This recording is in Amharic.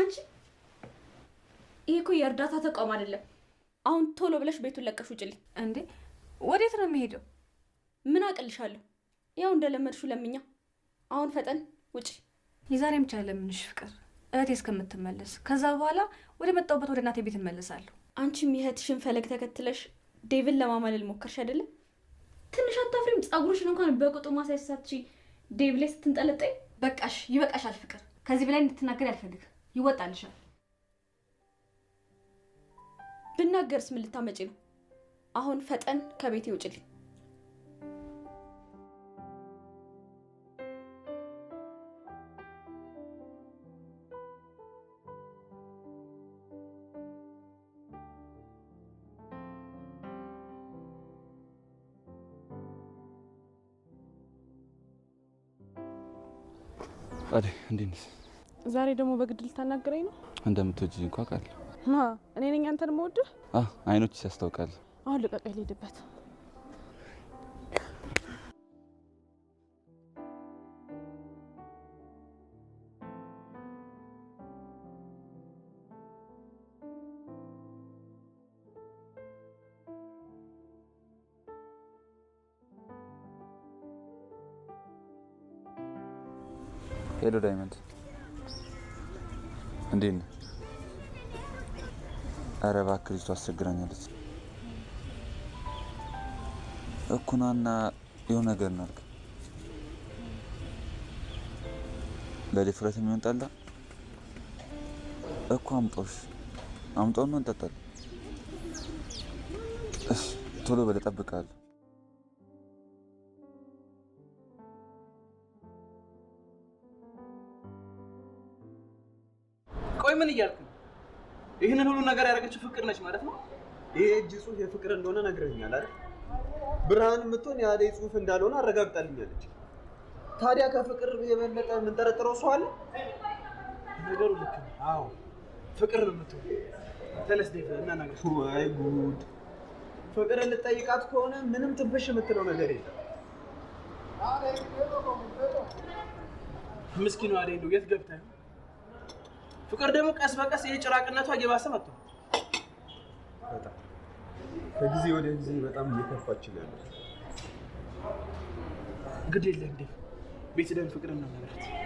አንቺ ይሄ እኮ የእርዳታ ተቋም አይደለም። አሁን ቶሎ ብለሽ ቤቱን ለቀሽ ውጭልኝ። እንዴ ወዴት ነው የሚሄደው? ምን አቅልሻለሁ? ያው እንደለመድሹ ለምኛ። አሁን ፈጠን ውጭ። የዛሬ ብቻ ለምንሽ ፍቅር እህቴ እስከምትመለስ፣ ከዛ በኋላ ወደ መጣሁበት ወደ እናቴ ቤት እመለሳለሁ። አንቺም የእህትሽን ፈለግ ተከትለሽ ዴቭን ለማማለል ሞከርሽ አይደለም? ትንሽ አታፍሪም? ጸጉርሽን እንኳን በቁጡ ማሳይሳትሽ ዴቭ ላይ ስትንጠለጠኝ። በቃሽ፣ ይበቃሻል ፍቅር። ከዚህ በላይ እንድትናገር አልፈልግም። ይወጣልሻል። ብናገርስ ምን ልታመጪ ነው? አሁን ፈጠን ከቤት ይውጭልኝ። አዴ እንዴት ነሽ? ዛሬ ደግሞ በግድ ልታናግረኝ ነው? እንደምትወጂኝ እንኳ አውቃለሁ። እኔ ነኝ አንተን የምወድህ። አይኖች ያስታውቃል። አሁን ልቀቀ ልሄድበት ሄሎ ዳይመንድ እንዴት ነህ? ኧረ እባክህ ልጅቷ አስቸግራኛለች እኮ ና እና የሆነ ነገር እናድርግ። ለድፍረት የሚሆን ጠላ እኮ አምጦሽ ነው እንጠጣለን። እሺ ቶሎ በል ቆይ ምን እያልክ ነው? ይህንን ሁሉ ነገር ያደረገችው ፍቅር ነች ማለት ነው? ይሄ እጅ ጽሁፍ የፍቅር እንደሆነ ነግረኛል አይደል? ብርሃን የምትሆን የአደይ ጽሁፍ እንዳልሆነ አረጋግጣልኛለች። ታዲያ ከፍቅር የበለጠ የምንጠረጥረው ሰው አለ? ነገሩ ልክ ነው። አዎ ፍቅር ነው የምትሆን። ተነስ ዴቭ እናናገር። ወይ ጉድ! ፍቅር ልጠይቃት ከሆነ ምንም ትንፍሽ የምትለው ነገር የለም። ምስኪኑ አደይ እንደው የት ገብታ ነው ፍቅር ደግሞ ቀስ በቀስ ይሄ ጭራቅነቱ እየባሰ መጥቶ በጣም ከጊዜ ወደ ጊዜ በጣም እየከፋች ነው ያለው። ግድ የለ እንዴ ቤት ደም ፍቅርን ነው ማለት